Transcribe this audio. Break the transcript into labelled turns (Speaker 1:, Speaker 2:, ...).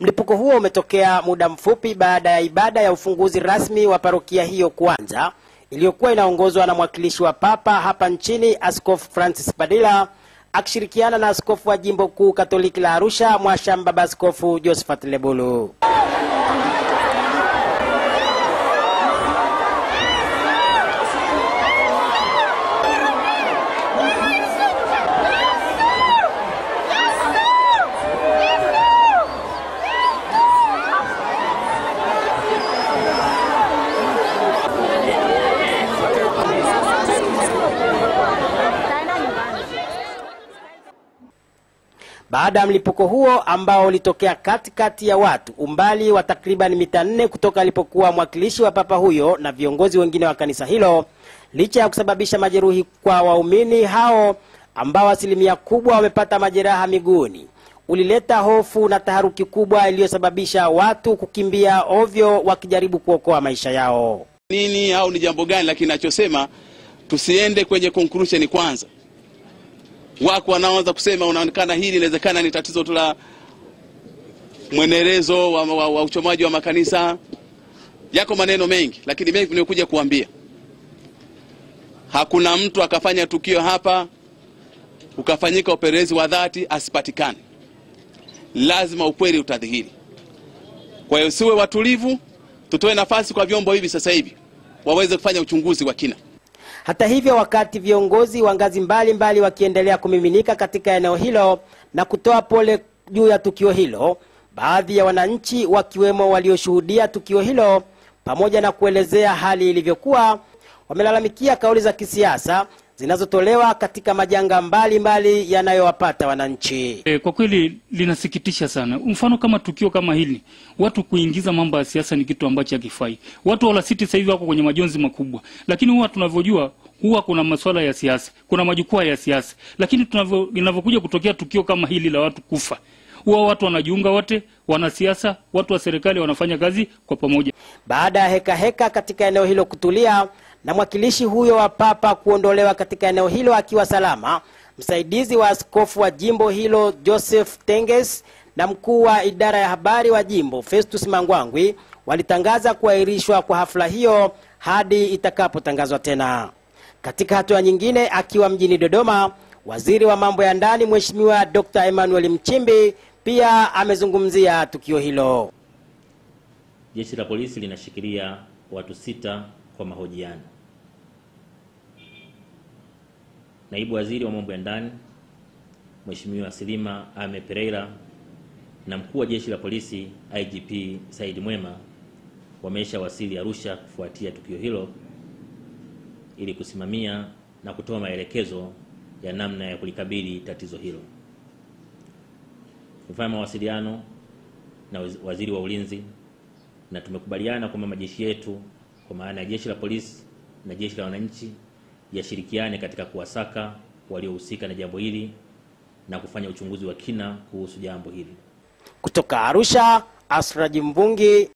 Speaker 1: Mlipuko huo umetokea muda mfupi baada ya ibada ya ufunguzi rasmi wa parokia hiyo kuanza, iliyokuwa inaongozwa na mwakilishi wa Papa hapa nchini Askofu Francis Padilla akishirikiana na askofu wa jimbo kuu Katoliki la Arusha Mwashamba Askofu Josephat Lebulu.
Speaker 2: baada ya mlipuko huo ambao ulitokea katikati ya watu umbali wa takriban mita nne kutoka alipokuwa mwakilishi wa papa huyo na viongozi wengine wa kanisa hilo, licha ya kusababisha majeruhi kwa waumini hao ambao asilimia kubwa wamepata
Speaker 1: majeraha miguuni, ulileta hofu na taharuki kubwa iliyosababisha watu kukimbia ovyo wakijaribu kuokoa maisha yao. Nini au ni jambo gani? Lakini nachosema tusiende kwenye conclusion kwanza Wako wanaoanza kusema unaonekana hili inawezekana ni tatizo tu la mwenelezo wa, wa, wa uchomaji wa makanisa.
Speaker 3: Yako maneno mengi, lakini mengi nimekuja kuambia, hakuna mtu akafanya tukio hapa ukafanyika upelelezi wa dhati asipatikane, lazima ukweli utadhihiri. Kwa hiyo siwe watulivu, tutoe nafasi kwa vyombo hivi sasa hivi waweze kufanya uchunguzi wa kina. Hata hivyo, wakati
Speaker 1: viongozi wa ngazi mbalimbali wakiendelea kumiminika katika eneo hilo na kutoa pole juu ya tukio hilo, baadhi ya wananchi wakiwemo walioshuhudia tukio hilo pamoja na kuelezea hali ilivyokuwa, wamelalamikia kauli za kisiasa zinazotolewa katika majanga mbalimbali yanayowapata wananchi. E, kwa kweli linasikitisha sana. Mfano kama tukio kama hili, watu kuingiza mambo ya siasa ni kitu ambacho hakifai. Watu wala siti sasa hivi wako kwenye majonzi makubwa, lakini huwa
Speaker 4: tunavyojua huwa kuna masuala ya siasa, kuna majukwaa ya siasa, lakini tunavyo inavyokuja kutokea tukio kama hili la watu kufa huwa watu wanajiunga wote, wanasiasa, watu wa serikali wanafanya kazi kwa pamoja. Baada ya heka hekaheka katika eneo hilo kutulia na mwakilishi huyo wa papa kuondolewa katika eneo hilo akiwa salama, msaidizi wa askofu wa jimbo hilo Joseph Tenges na mkuu wa idara ya habari wa jimbo Festus Mangwangwi walitangaza kuahirishwa kwa hafla hiyo hadi itakapotangazwa tena. Katika hatua nyingine, akiwa mjini Dodoma, waziri wa mambo ya ndani Mheshimiwa Dr. Emmanuel Mchimbi pia amezungumzia tukio hilo. Jeshi la polisi linashikilia watu sita kwa mahojiano. Naibu waziri wa mambo ya ndani Mheshimiwa Silima Ame Pereira na mkuu wa jeshi la polisi IGP Said Mwema wamesha wasili Arusha kufuatia tukio hilo ili kusimamia na kutoa maelekezo ya namna ya kulikabili tatizo hilo kufanya mawasiliano na waziri wa ulinzi, na tumekubaliana kwamba majeshi yetu kwa maana ya jeshi la polisi na jeshi la wananchi yashirikiane katika kuwasaka waliohusika na jambo hili na kufanya uchunguzi wa kina kuhusu jambo hili. Kutoka Arusha, Asraji Mbungi.